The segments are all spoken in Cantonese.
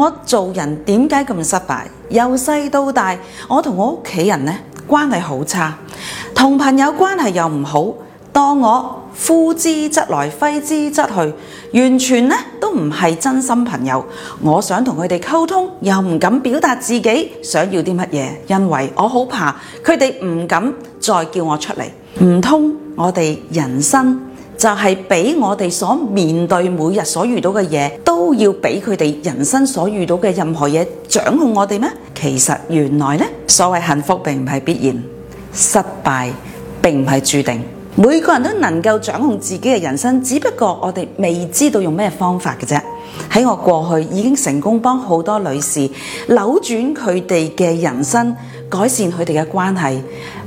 我做人點解咁失敗？由細到大，我同我屋企人呢關係好差，同朋友關係又唔好。當我呼之則來，揮之則去，完全呢都唔係真心朋友。我想同佢哋溝通，又唔敢表達自己想要啲乜嘢，因為我好怕佢哋唔敢再叫我出嚟。唔通我哋人生？就係俾我哋所面對每日所遇到嘅嘢，都要俾佢哋人生所遇到嘅任何嘢掌控我哋咩？其實原來呢，所謂幸福並唔係必然，失敗並唔係注定。每個人都能夠掌控自己嘅人生，只不過我哋未知道用咩方法嘅啫。喺我過去已經成功幫好多女士扭轉佢哋嘅人生。改善佢哋嘅關係，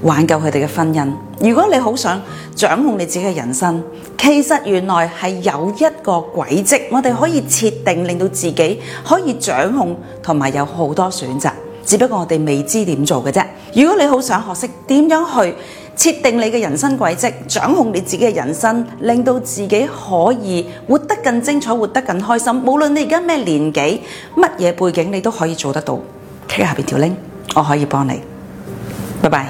挽救佢哋嘅婚姻。如果你好想掌控你自己嘅人生，其實原來係有一個軌跡，我哋可以設定，令到自己可以掌控同埋有好多選擇。只不過我哋未知點做嘅啫。如果你好想學識點樣去設定你嘅人生軌跡，掌控你自己嘅人生，令到自己可以活得更精彩，活得更開心，無論你而家咩年紀，乜嘢背景，你都可以做得到。睇下邊條 link。我可以幫你，拜拜。